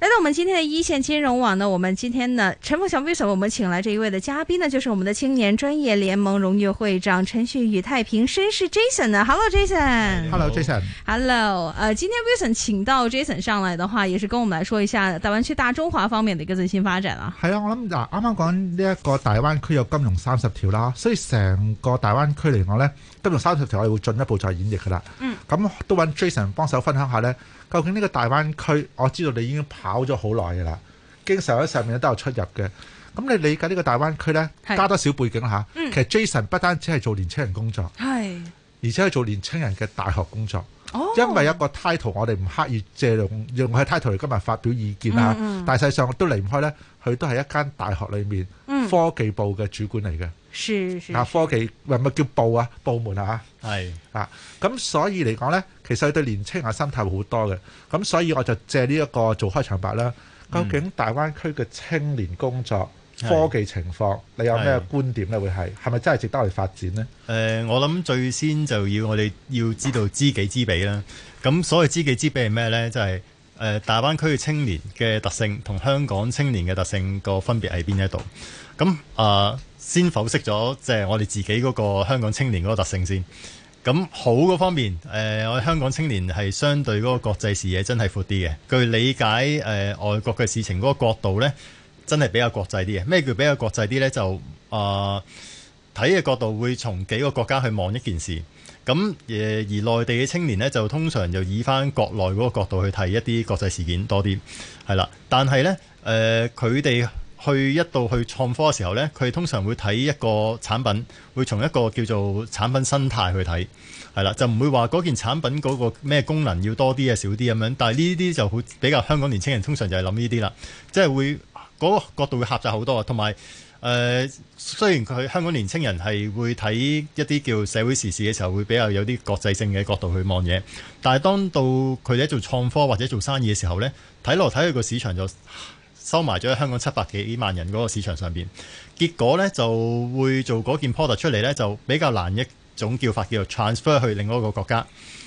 來到我們今天的一線金融網呢，我們今天呢，陳鳳翔 Wilson，我們請來這一位的嘉賓呢，就是我們的青年專業聯盟榮譽會長陳繼宇太平紳士 Jason。Hello Jason，Hello Jason，Hello，誒、uh，今天 Wilson 請到 Jason 上來的話，也是跟我們來說一下大灣區大中華方面的一個最新發展啊。係啊，我諗嗱，啱啱講呢一個大灣區有金融三十條啦，所以成個大灣區嚟講呢，金融三十條我哋會進一步再演繹噶啦。嗯，咁都揾 Jason 幫手分享下呢，究竟呢個大灣區，我知道你已經跑咗好耐嘅啦，經常喺上面都有出入嘅。咁你理解呢個大灣區呢，是加多少背景下、啊？嗯、其實 Jason 不單止係做年青人工作，是而且係做年青人嘅大學工作。哦、因為一個 title，我哋唔刻意借用用佢嘅 title 嚟今日發表意見啊。大細、嗯嗯、上都離唔開呢，佢都係一間大學裏面。嗯科技部嘅主管嚟嘅，啊，是科技唔係唔係叫部啊，部門啊，係是啊，咁所以嚟講咧，其實對年輕啊心態好多嘅，咁所以我就借呢一個做開場白啦。究竟大灣區嘅青年工作、嗯、科技情況，是你有咩觀點咧？會係係咪真係值得我哋發展呢？誒、呃，我諗最先就要我哋要知道知己知彼啦。咁、嗯、所謂知己知彼係咩咧？就係、是、誒、呃、大灣區嘅青年嘅特性同香港青年嘅特性個分別喺邊一度？咁啊，先剖析咗，即係我哋自己嗰個香港青年嗰個特性先。咁好嗰方面，呃、我哋香港青年係相對嗰個國際視野真係闊啲嘅。據理解，呃、外國嘅事情嗰個角度呢，真係比較國際啲嘅。咩叫比較國際啲呢？就睇嘅、呃、角度會從幾個國家去望一件事。咁而內地嘅青年呢，就通常就以返國內嗰個角度去睇一啲國際事件多啲，係啦。但係呢，呃、佢哋，去一度去創科嘅時候呢，佢通常會睇一個產品，會從一個叫做產品生態去睇，係啦，就唔會話嗰件產品嗰個咩功能要多啲啊少啲咁樣。但係呢啲就好比較香港年青人通常就係諗呢啲啦，即係會嗰個角度會狹窄好多。同埋誒，雖然佢香港年青人係會睇一啲叫社會時事嘅時候，會比較有啲國際性嘅角度去望嘢。但係當到佢哋做創科或者做生意嘅時候呢，睇落睇去個市場就～收埋咗喺香港七百幾萬人嗰個市場上邊，結果呢就會做嗰件 product 出嚟呢就比較難，一種叫法叫做 transfer 去另外一個國家，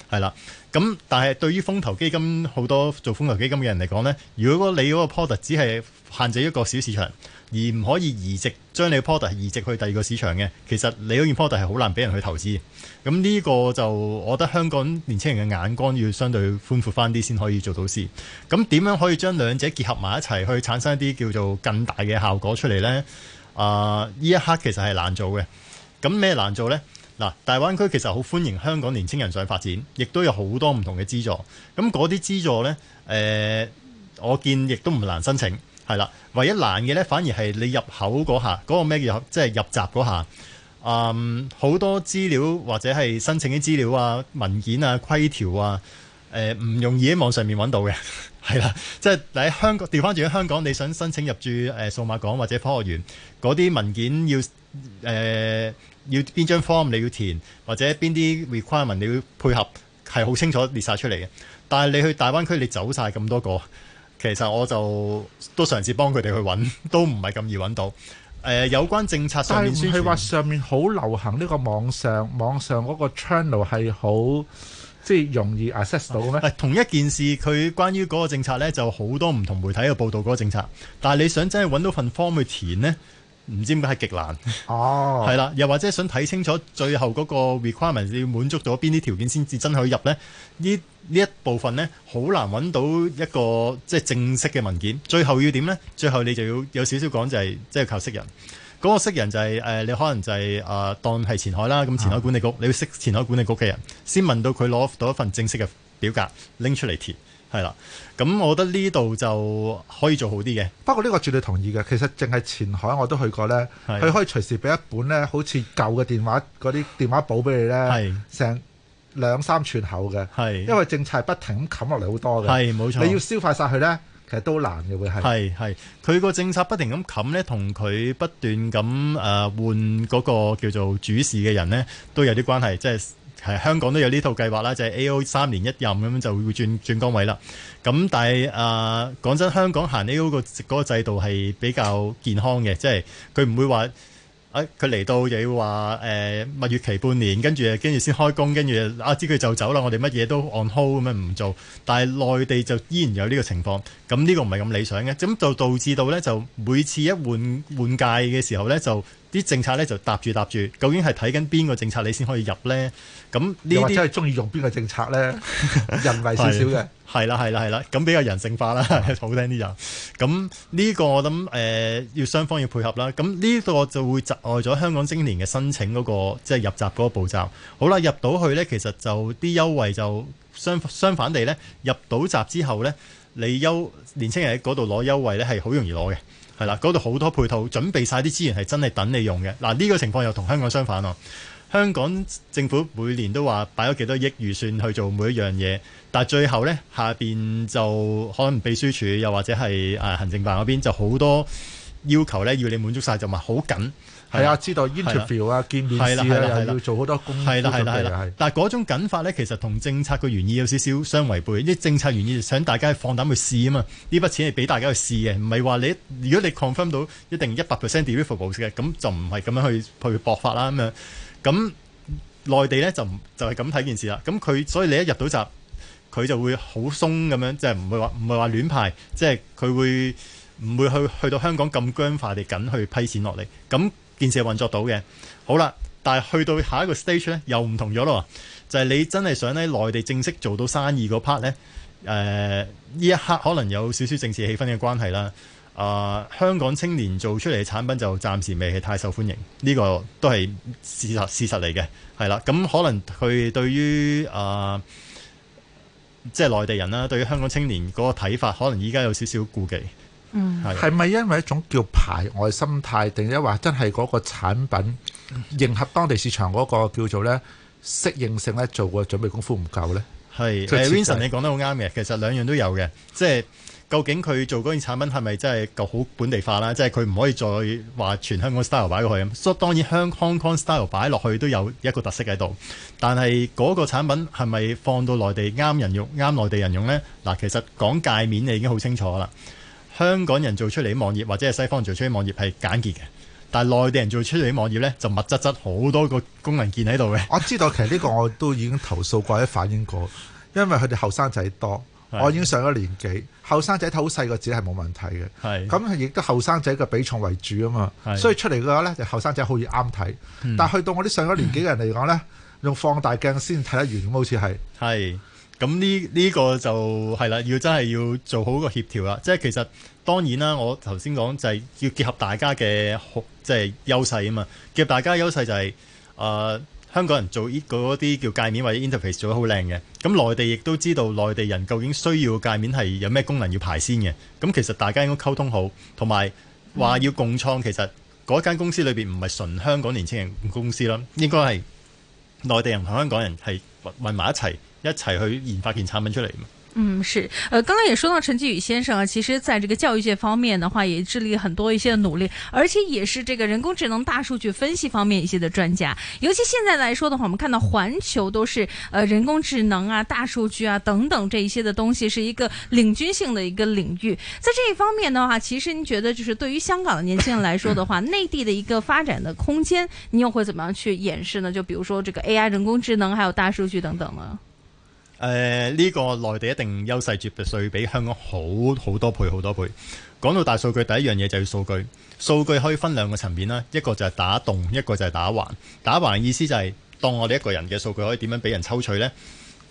係啦。咁，但係對於風投基金好多做風投基金嘅人嚟講呢，如果你嗰個 product 只係限制一個小市場，而唔可以移植將你 product 移植去第二個市場嘅，其實你嗰件 product 係好難俾人去投資。咁呢個就我覺得香港年輕人嘅眼光要相對寬闊翻啲先可以做到事。咁點樣可以將兩者結合埋一齊去產生一啲叫做更大嘅效果出嚟呢？啊、呃，呢一刻其實係難做嘅。咁咩難做呢？嗱，大灣區其實好歡迎香港年青人上發展，亦都有好多唔同嘅資助。咁嗰啲資助呢，呃、我見亦都唔難申請，係啦。唯一難嘅呢，反而係你入口嗰下，嗰、嗰個咩叫即係入閘嗰下，好、嗯、多資料或者係申請啲資料啊、文件啊、規條啊，唔、呃、容易喺網上面揾到嘅。係啦，即係喺香港調翻轉喺香港，你想申請入住誒數碼港或者科學園，嗰啲文件要、呃要邊張 form 你要填，或者邊啲 requirement 你要配合，係好清楚列晒出嚟嘅。但係你去大灣區，你走晒咁多個，其實我就都嘗試幫佢哋去揾，都唔係咁易揾到。呃，有關政策上面，但係唔係話上面好流行呢個網上網上嗰個 channel 係好即係容易 access 到咩？同一件事，佢關於嗰個政策呢，就好多唔同媒體嘅報道嗰個政策。但係你想真係揾到份 form 去填呢？唔知點解係極難哦，係啦、oh.，又或者想睇清楚最後嗰個 requirement 要滿足到邊啲條件先至真可以入呢？呢一部分呢，好難揾到一個即係、就是、正式嘅文件。最後要點呢？最後你就要有少少講就係即係靠識人。嗰、那個識人就係、是、誒、呃，你可能就係、是、啊、呃，當係前海啦，咁前海管理局、oh. 你要識前海管理局嘅人，先問到佢攞到一份正式嘅表格拎出嚟填。係啦，咁我覺得呢度就可以做好啲嘅。不過呢個絕對同意嘅，其實淨係前海我都去過咧。佢的可以隨時俾一本咧，好似舊嘅電話嗰啲電話簿俾你咧，成的兩三寸厚嘅。係的因為政策係不停咁冚落嚟好多嘅。係冇錯，你要消化晒佢咧，其實都難嘅會係。係係，佢個政策不停咁冚咧，同佢不斷咁、呃、換嗰個叫做主事嘅人咧，都有啲關係，即係。即係香港都有呢套計劃啦，就係 A.O. 三年一任咁樣就會轉轉崗位啦。咁但係誒講真，香港行 A.O. 個嗰個制度係比較健康嘅，即係佢唔會話誒佢嚟到又要話誒蜜月期半年，跟住跟住先開工，跟住啊知佢就走啦。我哋乜嘢都 on hold 咁樣唔做。但係內地就依然有呢個情況，咁呢個唔係咁理想嘅，咁就導致到咧就每次一換換屆嘅時候咧就。啲政策咧就搭住搭住，究竟係睇緊邊個政策你先可以入呢？咁呢啲係中意用邊個政策呢？ 人為少少嘅，係啦係啦係啦，咁比較人性化啦，好聽啲就。咁呢個我諗、呃、要雙方要配合啦。咁呢個就會窒礙咗香港青年嘅申請嗰、那個即係、就是、入閘嗰個步驟。好啦，入到去呢，其實就啲優惠就相相反地呢。入到閘之後呢，你優年青人喺嗰度攞優惠呢，係好容易攞嘅。係啦，嗰度好多配套，準備晒啲資源係真係等你用嘅。嗱，呢個情況又同香港相反囉。香港政府每年都話擺咗幾多億預算去做每一樣嘢，但最後呢，下面就可能秘書處又或者係誒行政辦嗰邊就好多要求呢，要你滿足晒，就話好緊。係啊，知道 interview 啊、見面試是啊，是啊是啊，又要做好多工作咁樣嘅，係、啊啊啊啊，但係嗰種緊法咧，其實同政策嘅原意有少少相違背。啲政策原意係想大家放膽去試啊嘛，呢筆錢係俾大家去試嘅，唔係話你，如果你 confirm 到一定一百 percent d i v e r a b l e 嘅，咁就唔係咁樣去去博法啦咁樣。咁內地咧就就係咁睇件事啦。咁佢所以你一入到閘，佢就會好鬆咁樣，即係唔會話唔、就是、會話亂派，即係佢會唔會去去到香港咁僵化地緊去批錢落嚟咁。那建設運作到嘅，好啦，但係去到下一個 stage 呢，又唔同咗咯。就係、是、你真係想呢，內地正式做到生意嗰 part 呢，誒、呃，呢一刻可能有少少政治氣氛嘅關係啦。啊、呃，香港青年做出嚟嘅產品就暫時未係太受歡迎，呢、這個都係事實事實嚟嘅，係啦。咁可能佢對於啊，即、呃、係、就是、內地人啦，對於香港青年嗰個睇法，可能依家有少少顧忌。嗯，係咪因為一種叫排外心態，定係話真係嗰個產品迎合當地市場嗰個叫做咧適應性咧做個準備功夫唔夠咧？係、呃，Vincent 你講得好啱嘅，其實兩樣都有嘅。即係究竟佢做嗰件產品係咪真係夠好本地化啦？即係佢唔可以再話全香港 style 擺過去咁。所以當然，Hong Kong style 擺落去都有一個特色喺度，但係嗰個產品係咪放到內地啱人用，啱內地人用咧？嗱，其實講界面你已經好清楚啦。香港人做出嚟啲網頁或者係西方人做出嚟啲網頁係簡潔嘅，但係內地人做出嚟啲網頁呢，就密質質，好多個功能鍵喺度嘅。我知道其實呢個我都已經投訴過，或者 反映過，因為佢哋後生仔多，是的 我已經上咗年紀，後生仔睇好細個字係冇問題嘅。咁亦是的 都後生仔嘅比重為主啊嘛，是的 所以出嚟嘅話呢，就後生仔好易啱睇，嗯、但係去到我啲上咗年紀嘅人嚟講呢，嗯、用放大鏡先睇得完整，好似係係。咁呢呢個就係啦，要真係要做好個協調啦。即係其實當然啦，我頭先講就係要結合大家嘅即係優勢啊嘛。結合大家優勢就係、是、誒、呃、香港人做嗰啲叫界面或者 interface 做得好靚嘅。咁內地亦都知道內地人究竟需要界面係有咩功能要排先嘅。咁其實大家應該溝通好，同埋話要共創。嗯、其實嗰間公司裏面唔係純香港年輕人公司啦，應該係內地人同香港人係混埋一齊。一齊去研發件產品出來嘛。嗯，是，呃，剛剛也說到陳繼宇先生啊，其實在這個教育界方面的話，也致力很多一些的努力，而且也是這個人工智能、大數據分析方面一些的專家。尤其現在來說的話，我們看到環球都是呃人工智能啊、大數據啊等等這一些的東西是一個領軍性的一個領域。在這一方面的話，其實您覺得就是對於香港的年輕人來說的話，內 地的一個發展的空間，你又會怎麼樣去演示呢？就比如說這個 AI 人工智能，還有大數據等等啦、啊。誒呢、呃這個內地一定優勢絕對比香港好好多倍好多倍。講到大數據，第一樣嘢就要數據。數據可以分兩個層面啦，一個就係打洞，一個就係打橫。打橫意思就係、是、當我哋一個人嘅數據可以點樣俾人抽取呢？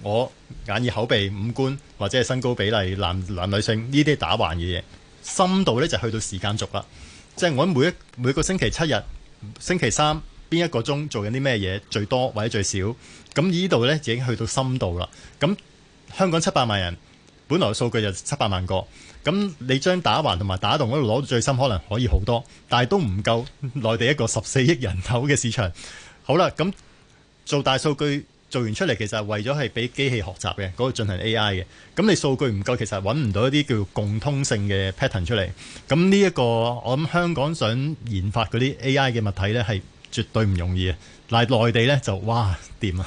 我眼耳口鼻五官或者係身高比例，男男女性呢啲打橫嘅嘢，深度呢，就去到時間軸啦。即係我每一每個星期七日，星期三。邊一個鐘做緊啲咩嘢，最多或者最少？咁呢度呢已經去到深度啦。咁香港七百萬人本來個數據就七百萬個，咁你將打橫同埋打戙嗰度攞到最深，可能可以好多，但係都唔夠內地一個十四億人口嘅市場。好啦，咁做大數據做完出嚟，其實係為咗係俾機器學習嘅嗰度進行 AI 嘅。咁你數據唔夠，其實揾唔到一啲叫共通性嘅 pattern 出嚟。咁呢一個我諗香港想研發嗰啲 AI 嘅物體呢，係。絕對唔容易啊！但係內地咧就哇掂啊！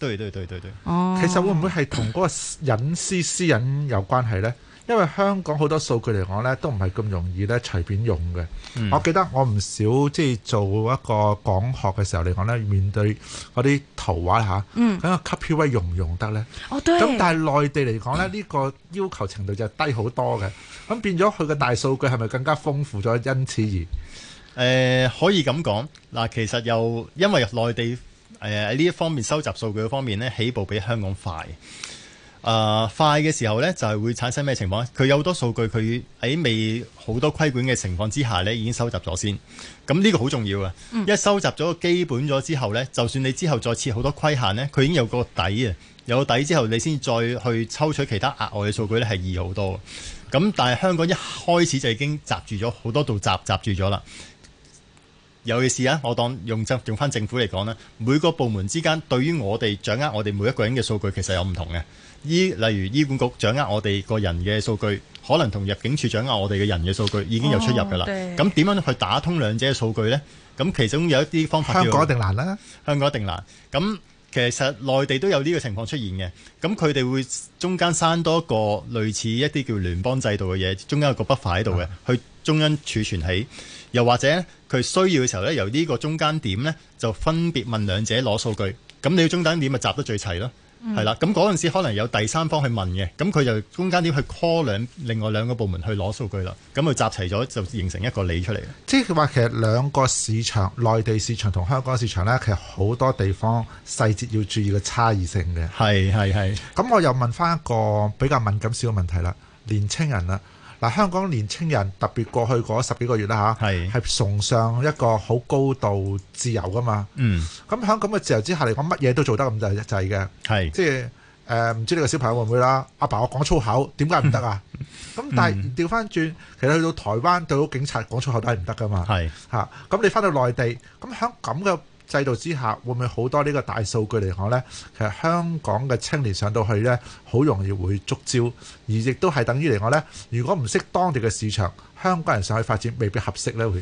對對對對對，其實會唔會係同嗰個隱私私隱有關係咧？因為香港好多數據嚟講咧，都唔係咁容易咧隨便用嘅。嗯、我記得我唔少即係、即係、做一個講學嘅時候嚟講咧，面對嗰啲圖畫嚇，咁、嗯、個 copyright 用唔用得咧？咁、哦、但係內地嚟講咧，呢、呢個要求程度就低好多嘅。咁變咗佢嘅大數據係咪更加豐富咗？因此而，誒、呃、可以咁講嗱，其實又因為內地。係呢、呃、一方面收集數據方面呢，起步比香港快。啊、呃，快嘅時候呢，就係會產生咩情況？佢有好多數據，佢喺未好多規管嘅情況之下呢，已經收集咗先。咁呢個好重要啊，嗯、一收集咗個基本咗之後呢，就算你之後再設好多規限呢，佢已經有個底啊。有個底之後，你先再去抽取其他額外嘅數據呢，係易好多。咁但係香港一開始就已經集住咗好多度集集住咗啦。尤其是啊，我當用政用翻政府嚟講咧，每個部門之間對於我哋掌握我哋每一個人嘅數據，其實有唔同嘅。醫例如醫管局掌握我哋個人嘅數據，可能同入境處掌握我哋嘅人嘅數據已經有出入噶啦。咁點、哦、樣去打通兩者嘅數據呢？咁其中有一啲方法。香港一定難啦。香港一定難。咁其實內地都有呢個情況出現嘅。咁佢哋會中間生多個類似一啲叫聯邦制度嘅嘢，中間有一個 buffer 喺度嘅，嗯、去中央儲存喺。又或者佢需要嘅時候咧，由呢個中間點呢，就分別問兩者攞數據。咁你中間點咪集得最齊咯，係啦、嗯。咁嗰陣時可能有第三方去問嘅，咁佢就中間點去 call 兩另外兩個部門去攞數據啦。咁佢集齊咗就形成一個理出嚟。即係話其實兩個市場，內地市場同香港市場呢，其實好多地方細節要注意嘅差異性嘅。係係係。咁我又問翻一個比較敏感少嘅問題啦，年青人啊。嗱，香港年青人特別過去嗰十幾個月啦嚇，係崇尚一個好高度自由噶嘛。嗯，咁喺咁嘅自由之下，嚟講乜嘢都做得咁就一滯嘅。係是，即係誒，唔、呃、知道你個小朋友會唔會啦？阿爸，爸我講粗口，點解唔得啊？咁、 嗯、但係調翻轉，其實去到台灣對到警察講粗口都係唔得噶嘛。係是，嚇、啊，咁你翻到內地，咁喺咁嘅。制度之下會唔會好多呢個大數據嚟講咧？其實香港嘅青年上到去咧，好容易會觸礁，而亦都係等於嚟講咧，如果唔識當地嘅市場，香港人上去發展未必合適咧會。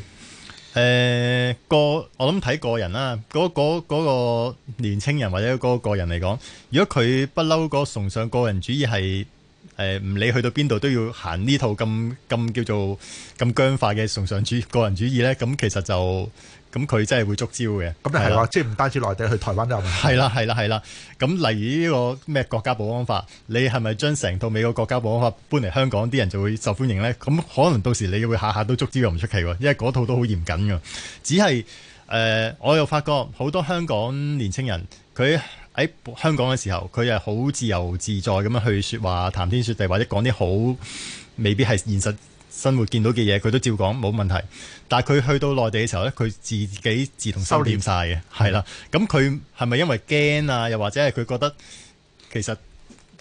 誒個、欸、我諗睇個人啦，嗰、嗰個嗰個年青人或者個個人嚟講，如果佢不嬲個崇尚個人主義係。誒唔理去到邊度都要行呢套咁咁叫做咁僵化嘅崇尚主義個人主義呢。咁其實就咁佢真係會捉招嘅。咁係話，啊啊、即係唔單止內地去台灣都有？係啦、啊，係啦、啊，係啦、啊。咁例如呢個咩國家保安法，你係咪將成套美國國家保安法搬嚟香港，啲人就會受歡迎呢？咁可能到時你會下下都捉招又唔出奇喎，因為嗰套都好嚴謹㗎。只係誒、呃，我又發覺好多香港年輕人佢。喺香港嘅時候，佢係好自由自在咁樣去説話、談天説地，或者講啲好未必係現實生活見到嘅嘢，佢都照講冇問題。但係佢去到內地嘅時候咧，佢自己自動收，收斂晒嘅，係啦。咁佢係咪因為驚啊？又或者係佢覺得其實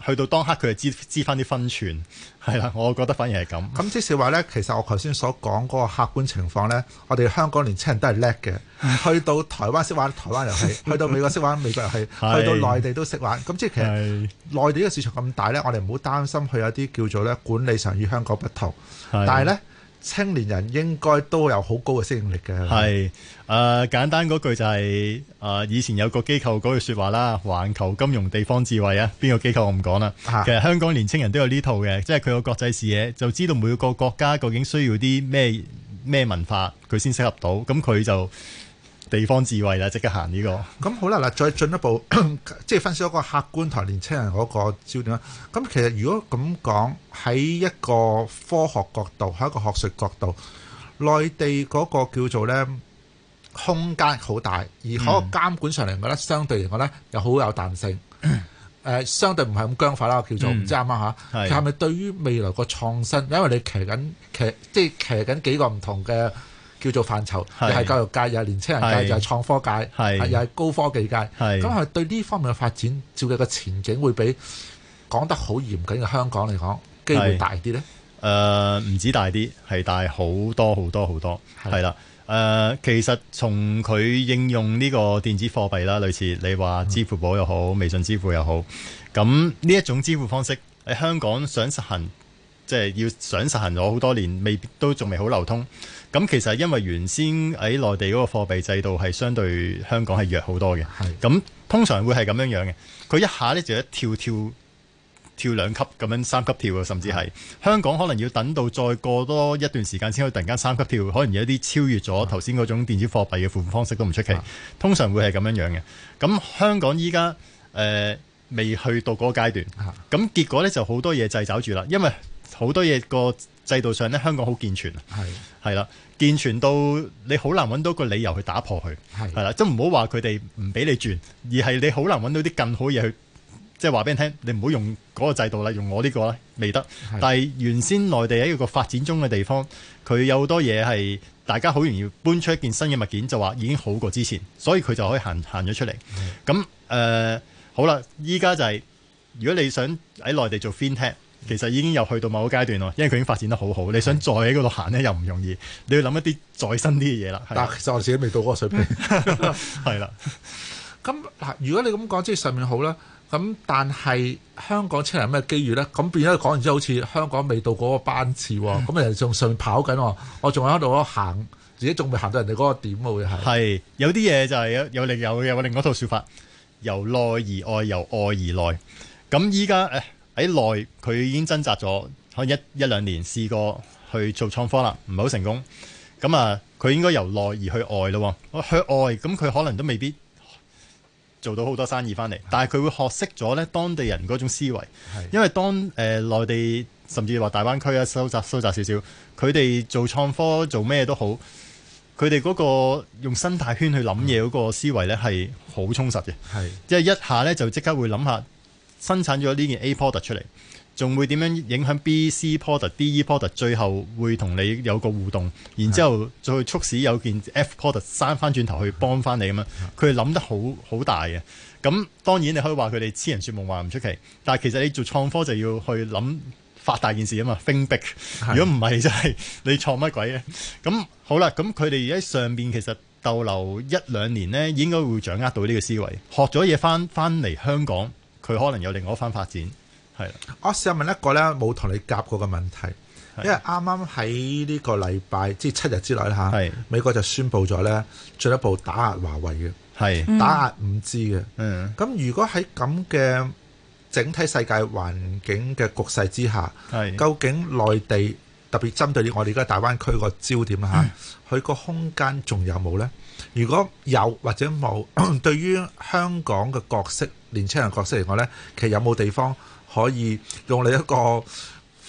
去到當刻佢係知知返啲分寸？係啦，我覺得反而係咁。咁即是話呢，其實我頭先所講嗰個客觀情況呢，我哋香港年輕人都係叻嘅，去到台灣識玩台灣遊戲，去到美國識玩美國遊戲 去到內地都識玩。咁即係其實內地嘅市場咁大呢，我哋唔好擔心佢有啲叫做管理上與香港不同， 但係呢。青年人應該都有好高嘅適應力嘅。係，誒、呃、簡單嗰句就係、是，誒、呃、以前有個機構嗰句說話啦，環球金融地方智慧啊，邊個機構我唔講啦。其實香港年輕人都有呢套嘅，即係佢有國際視野，就知道每個國家究竟需要啲咩咩文化，佢先適合到，咁佢就。地方智慧啦，即刻行呢、這個。咁、嗯、好啦，嗱，再進一步，即係、就是、分析一個客觀台年輕人嗰個焦點啦。咁其實如果咁講，喺一個科學角度，喺一個學術角度，內地嗰個叫做咧空間好大，而喺監管上嚟講咧，嗯、相對嚟講咧又好有彈性。誒、嗯呃，相對唔係咁僵化啦，我叫做唔、嗯、知啱唔啱吓？係咪的對於未來個創新，因為你在騎緊騎即係騎緊幾個唔同嘅？叫做範疇，又係教育界，是又係年青人界，是又係創科界，是又係高科技界。咁係是對呢方面嘅發展，照計個前景會比講得好嚴謹嘅香港嚟講機會大啲咧？誒，呃，唔止大啲，係大好多好多好多。係啦的，誒、呃，其實從佢應用呢個電子貨幣啦，類似你話支付寶又好，嗯、微信支付又好，咁呢一種支付方式喺香港想實行。即係要想實行咗好多年，未都仲未好流通。咁其實因為原先喺內地嗰個貨幣制度係相對香港係弱好多嘅。咁是的 通常會係咁樣樣嘅，佢一下呢就一跳跳跳兩級，咁樣三級跳，甚至係是的 香港可能要等到再過多一段時間先可以突然間三級跳，可能有一啲超越咗頭先嗰種電子貨幣嘅付款方式都唔出奇。是的 通常會係咁樣樣嘅。咁香港依家、呃、未去到嗰個階段。咁是的 結果呢就好多嘢掣肘住啦，因為好多嘢個制度上咧，香港好健全啊！係係啦，健全到你好難揾到個理由去打破佢，係啦是的，即唔好話佢哋唔俾你轉，而係你好難揾到啲更好嘢去，即係話俾你聽，你唔好用嗰個制度啦，用我呢個啦未得，是的 但係原先內地喺一個發展中嘅地方，佢有好多嘢係大家好容易搬出一件新嘅物件，就話已經好過之前，所以佢就可以行行咗出嚟。咁是的、呃、好啦，依家就係、是、如果你想喺內地做 FinTech。其實已經又去到某個階段咯，因為佢已經發展得好好，是的 你想再喺嗰度行呢，又唔容易，你要諗一啲再新啲嘅嘢啦。是但其實我自己未到嗰個水平，係啦。咁嗱，如果你咁講，即係上面好啦。咁但係香港出嚟，咩機遇咧？咁變咗講完之後，好似香港未到嗰個班次，咁 人仲上跑緊，我仲喺度行，自己仲未行到人哋嗰個點喎，又係。 係有啲嘢就係有有另有有另外一套說法，由內而外，由外而內。咁依家誒。喺內佢已經掙扎咗可能一一兩年試過去做創科啦，唔係好成功。咁啊，佢應該由內而去外咯。去外，咁佢可能都未必做到好多生意翻嚟，但係佢會學識咗咧當地人嗰種思維。因為當誒內地甚至話大灣區啊，收窄收窄少少，佢哋做創科做咩都好，佢哋嗰個用生態圈去諗嘢嗰個思維咧係好充實嘅。係，即係一下咧就即刻會諗下。生產咗呢件 A Porter 出嚟，仲會點樣影響 B、C Porter、D、E Porter？最後會同你有個互動，然之後再去促使有件 F Porter 生翻轉頭去幫翻你啊嘛。佢哋諗的得好好大嘅。咁當然你可以話佢哋痴人說夢話，話唔出奇。但係其實你做創科就要去諗發大件事啊嘛。Think big 如果唔係就係、是、你創乜鬼嘅咁好啦。咁佢哋而家上面其實逗留一兩年呢，應該會掌握到呢個思維，學咗嘢翻翻嚟香港。佢可能有另外一番發展，係。我試下問一個咧，冇同你夾過嘅問題，的因為啱啱喺呢個禮拜，即係七日之內啦，係的美國就宣布咗咧，進一步打壓華為嘅，係的、嗯、打壓五 G 嘅。嗯，咁如果喺咁嘅整體世界環境嘅局勢之下，係的究竟內地？特別針對我哋而家大灣區個焦點啦嚇，佢個、嗯、空間仲有冇咧？如果有或者冇， 對於香港嘅角色、年輕人角色嚟講咧，其實有冇地方可以用你一個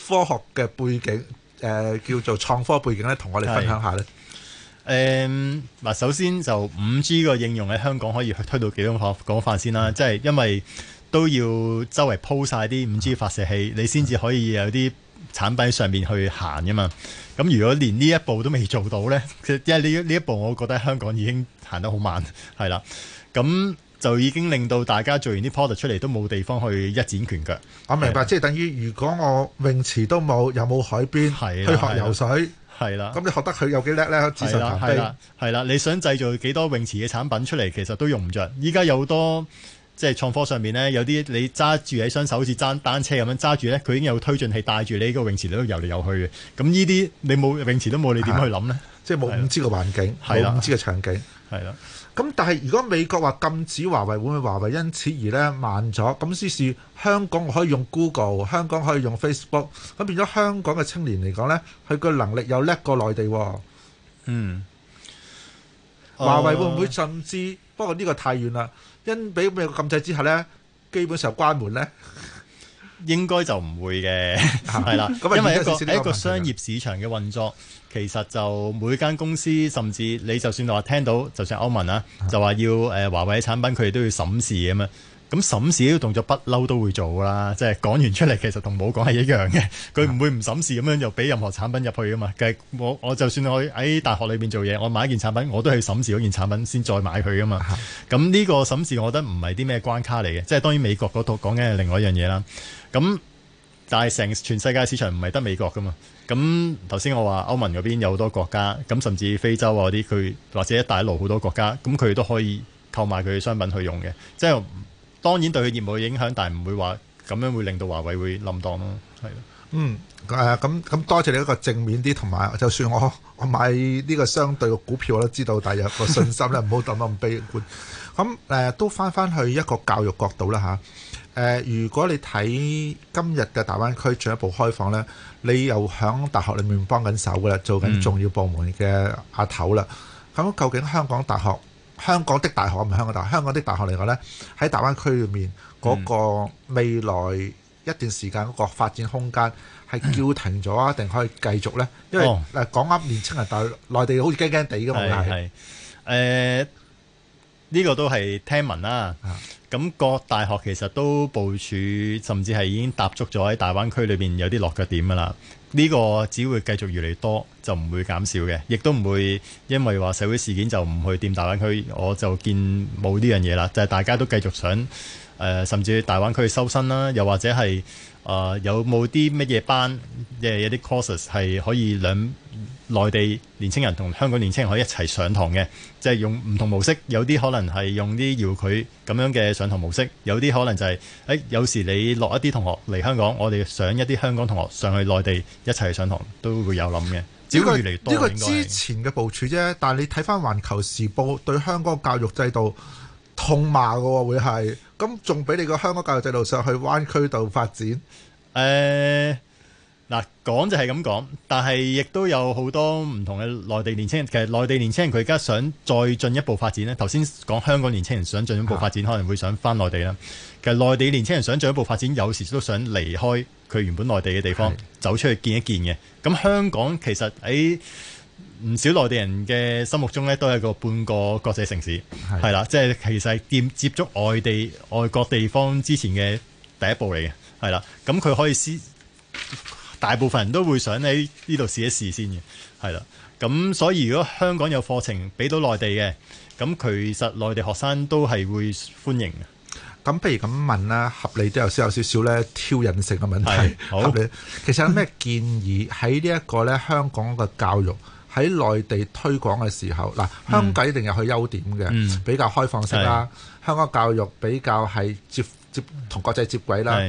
科學嘅背景、呃，叫做創科背景咧，同我哋分享下咧。嗱、嗯，首先就五 G 個應用喺香港可以推到幾種講法先啦，即係、嗯、因為都要周圍鋪晒啲五 G 發射器，嗯、你先至可以有啲。產品上面去行吖嘛？咁如果連呢一步都未做到呢，其實因為呢呢一步，我覺得香港已經行得好慢，係啦。咁就已經令到大家做完啲 product 出嚟都冇地方去一展拳腳。我明白，嗯、即係等於如果我泳池都冇，又冇海邊，係去的學游水，係啦的。咁你學得佢有幾叻呢？係啦，係啦，係啦。你想製造幾多泳池嘅產品出嚟，其實都用唔着。依家有好多？即係創科上面咧，有啲你揸住喺雙手，好似揸單車咁樣揸住咧，佢已經有推進器帶住你喺個泳池裏邊游嚟游去嘅。咁呢啲你冇泳池都冇，你點去諗呢？啊、即係冇 5G 嘅環境，冇<的 >5G 嘅場景，係咯。咁但係如果美國話禁止華為，會唔會華為因此而咧慢咗？咁於是香港可以用 Google，香港可以用 Facebook，咁變咗香港嘅青年嚟講咧，佢嘅能力又叻過內地。嗯，啊、華為會唔會甚至？不過呢個太遠啦。因俾咩禁制之後咧，基本上關門咧，應該就唔會嘅，係啦。咁因為一個一個商業市場嘅運作，其實就每間公司，甚至你就算話聽到，就算歐盟啊，就話要誒華為嘅產品，佢哋都要審視嘅嘛。咁審視呢個動作不嬲都會做啦，即係講完出嚟，其實同冇講係一樣嘅。佢唔會唔審視咁樣就俾任何產品入去啊嘛。其實我，我就算我喺大學裏面做嘢，我買一件產品，我都去審視嗰件產品先再買佢㗎嘛。咁呢個審視，我覺得唔係啲咩關卡嚟嘅，即係當然美國嗰度講緊係另外一樣嘢啦。咁但係成全世界市場唔係得美國噶嘛。咁頭先我話歐盟嗰邊有好多國家，咁甚至非洲啊啲佢或者一帶一路好多國家，咁佢都可以購買佢嘅商品去用嘅，即係。當然對佢業務嘅影響，但係唔會話咁樣會令到華為會冧檔咯。係。嗯，咁、呃、咁多謝你一個正面啲，同埋就算我我買呢個相對嘅股票，我都知道，但係有個信心咧，唔好咁咁悲觀。咁、嗯、誒、呃、都翻翻去一個教育角度啦嚇。誒、啊、呃，如果你睇今日嘅大灣區進一步開放呢，你又響大學裡面幫緊手㗎啦，做緊重要部門嘅阿頭啦。咁、嗯啊、究竟香港大學？香港的大學唔係香港大學。香港的大學嚟講咧，喺大灣區裏面嗰個未來一段時間嗰個發展空間係叫停咗啊，定、嗯、可以繼續咧？因為、哦、講啱年輕人大，大係內地好似驚驚地嘅問題。誒，呢、呃呢個都係聽聞啦。咁各大學其實都部署，甚至係已經踏足咗喺大灣區裏邊有啲落腳點噶啦。呢個只會繼續越嚟越多，就唔會減少嘅，亦都唔會因為話社會事件就唔去掂大灣區。我就見冇呢樣嘢啦，就係、是、大家都繼續想誒、呃，甚至大灣區收身啦，又或者係啊、呃、有冇啲乜嘢班，即係一啲 courses 係可以兩。內地年青人同香港年青人可以一齊上堂嘅，即係用唔同模式。有啲可能係用啲搖佢咁樣嘅上堂模式，有啲可能就係欸，有時你落一啲同學嚟香港，我哋上一啲香港同學上去內地一齊上堂都會有諗嘅。只要過呢、這個這個之前嘅部署啫，但係你睇翻《環球時報》對香港教育制度痛罵嘅喎，會係咁，仲俾你個香港教育制度上去灣區度發展？呃嗱，講就係咁講，但係亦都有好多唔同嘅內地年輕人。其實內地年輕人佢而家想再進一步發展呢。頭先講香港年輕人想進一步發展，啊、可能會想翻內地啦。其實內地年輕人想進一步發展，有時都想離開佢原本內地嘅地方，是的 走出去見一見嘅。咁香港其實喺唔少內地人嘅心目中呢，都係個半個國際城市，係啦，即係其實接觸觸外地、外國地方之前嘅第一步嚟嘅，係啦。咁佢可以思大部分人都會想喺呢度試一試先嘅，係啦。咁所以如果香港有課程俾到內地嘅，咁其實內地學生都係會歡迎嘅。咁不如咁問啦，合理都有少有少少咧挑釁性嘅問題。好合理，其實有咩建議喺呢一個咧香港嘅教育喺內地推廣嘅時候，嗱， 香港一定有佢優點嘅，嗯、比較開放式啦。的香港教育比較係接。接同國際接軌啦，而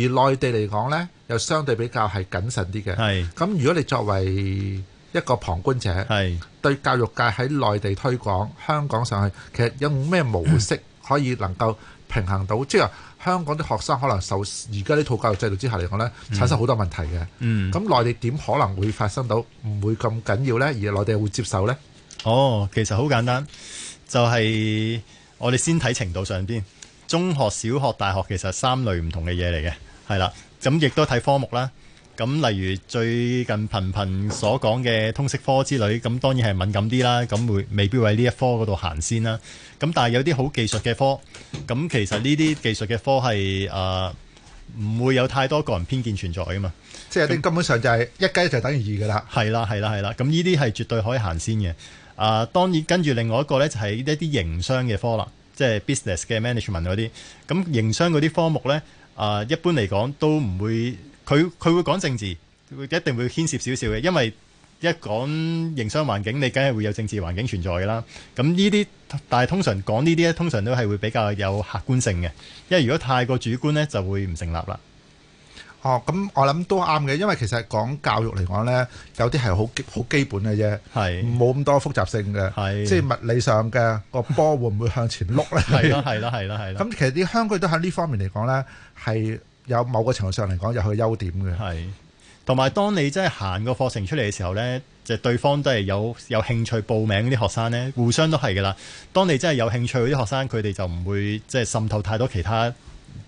內地嚟講呢，又相對比較係謹慎啲嘅。咁如果你作為一個旁觀者，對教育界喺內地推廣香港上去，其實有冇咩模式可以能夠平衡到？即係香港啲學生可能受而家呢套教育制度之下嚟講呢，產生好多問題嘅。咁內地點可能會發生到唔會咁緊要呢？而內地會接受呢？哦，其實好簡單，就係我哋先睇程度上邊。中學、小學、大學其實三類唔同嘅嘢嚟嘅，係啦，咁亦都睇科目啦。咁例如最近頻頻所講嘅通識科之類，咁當然係敏感啲啦。咁會未必喺呢一科嗰度行先啦。咁但係有啲好技術嘅科，咁其實呢啲技術嘅科係誒唔會有太多個人偏見存在噶嘛。即係根本上就係一加一就等於二噶啦。係啦，係啦，係啦。咁呢啲係絕對可以行先嘅。誒，當然跟住另外一個呢，就係一啲營商嘅科啦。即係 business 嘅 management 嗰啲，咁營商嗰啲科目呢，啊一般嚟講都唔會，佢佢會講政治，會一定會牽涉少少嘅，因為一講營商環境，你梗係會有政治環境存在㗎啦。咁呢啲，但係通常講呢啲咧，通常都係會比較有客觀性嘅，因為如果太過主觀呢，就會唔成立啦。哦，咁我諗都啱嘅，因為其實講教育嚟講咧，有啲係好基好基本嘅啫，冇咁是多複雜性嘅，是即係物理上嘅個波會唔會向前碌咧？係咯，係咯，係咯，係咯。咁其實啲香港都喺呢方面嚟講咧，係有某個程度上嚟講有佢優點嘅。係，同埋當你真係行個課程出嚟嘅時候咧，就是，對方都係有有興趣報名啲學生咧，互相都係噶啦。當你真係有興趣嗰啲學生，佢哋就唔會即係滲透太多其他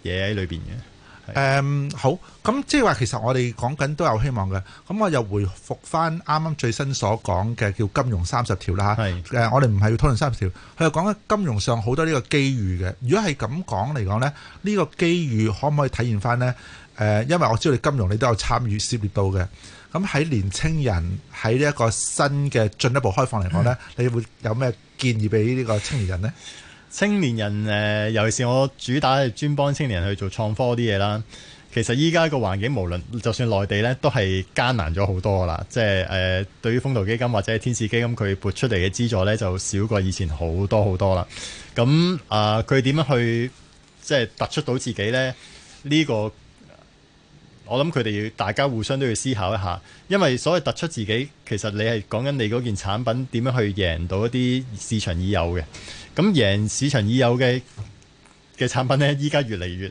嘢喺裏邊嘅。誒、嗯、好，咁即係話其實我哋講緊都有希望嘅。咁我又回覆翻啱啱最新所講嘅叫金融三十條啦嚇。誒是、呃，我哋唔係要討論三十條，佢係講緊金融上好多呢個機遇嘅。如果係咁講嚟講呢，呢、呢個機遇可唔可以體現翻呢？誒、呃，因為我知道你金融你都有參與涉獵到嘅。咁喺年青人喺呢一個新嘅進一步開放嚟講呢， 你會有咩建議俾呢個青年人呢？青年人誒，尤其是我主打專幫青年人去做創科啲嘢啦。其實依家個環境無論就算內地呢，都係艱難咗好多噶啦。即係誒，對於風投基金或者天使基金，佢撥出嚟嘅資助呢、嗯呃，就少過以前好多好多啦。咁啊，佢點樣去即係突出到自己呢？呢、這個我諗佢哋要大家互相都要思考一下，因為所謂突出自己，其實你係講緊你嗰件產品點樣去贏到一啲市場已有嘅，咁贏市場已有嘅嘅產品呢，依家越嚟越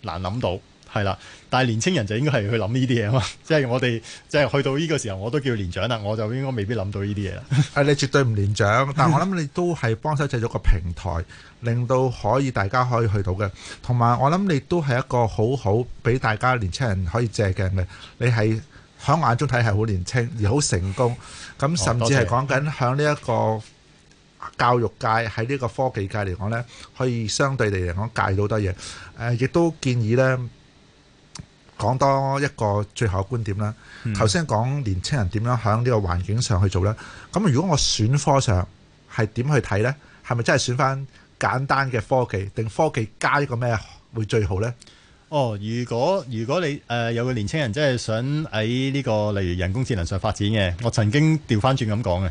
難諗到。係啦，但係年青人就應該係去諗呢啲嘢啊嘛，即係我哋即係去到呢個時候，我都叫年長啦，我就應該未必諗到呢啲嘢啦。誒，你絕對唔年長，但係我諗你都係幫手製造個平台，令到可以大家可以去到嘅。同埋我諗你都係一個好好俾大家年青人可以借鏡嘅。你係響眼中睇係好年青而好成功，咁甚至係講緊響呢一個教育界喺呢個科技界嚟講呢，可以相對地嚟講介到多嘢。誒、呃，亦都建議呢。講多一個最後嘅觀點啦。頭先講年青人點樣喺呢個環境上去做呢？咁如果我選科上係點去睇呢？係咪真係選翻簡單嘅科技，定科技加一個咩會最好呢？哦，如果如果你誒有個年青人真的，這個，真係想喺呢個例如人工智能上發展嘅，我曾經調翻轉咁講嘅，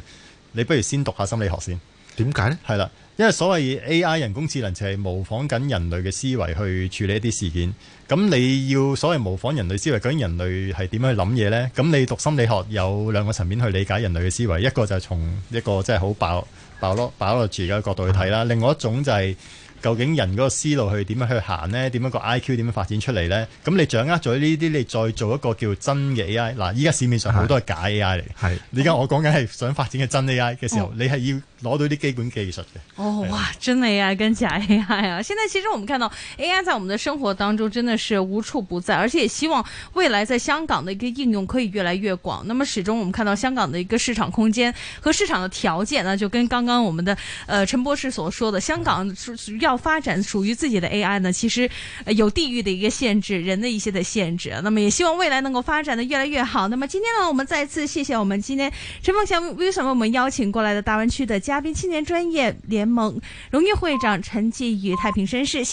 你不如先讀下心理學先。點解呢？係啦。因為所謂 A.I. 人工智能就係模仿緊人類嘅思維去處理一啲事件，咁你要所謂模仿人類思維，究竟人類係點樣去諗嘢呢？咁你讀心理學有兩個層面去理解人類嘅思維，一個就係從一個即係好爆爆咯、爆落住嘅角度去睇啦，另外一種就係究竟人嗰個思路去點樣去行呢？點樣個 I.Q. 點樣發展出嚟呢？咁你掌握咗呢啲，你再做一個叫真嘅 A.I. 嗱，依家，市面上好多係假 A.I. 嚟，係，依家我講緊係想發展嘅真 A.I. 嘅時候，你係要。攞到啲基本技術嘅。哦哇，真 AI 跟假 AI 啊！現在其實我們看到 AI 在我們的生活當中真的是無處不在，而且也希望未來在香港的一個應用可以越來越廣。那麼始終我們看到香港的一個市場空間和市場的條件呢，就跟剛剛我們的呃陳博士所說的，香港屬要發展屬於自己的 AI 呢，其實有地域的一個限制，人的一些的限制。那麼也希望未來能夠發展的越來越好。那麼今天呢，我們再次謝謝我們今天陳鳳祥為什麼我們邀請過來的大灣區的嘉賓青年專業聯盟榮譽會長陳繼宇，太平紳士。謝謝。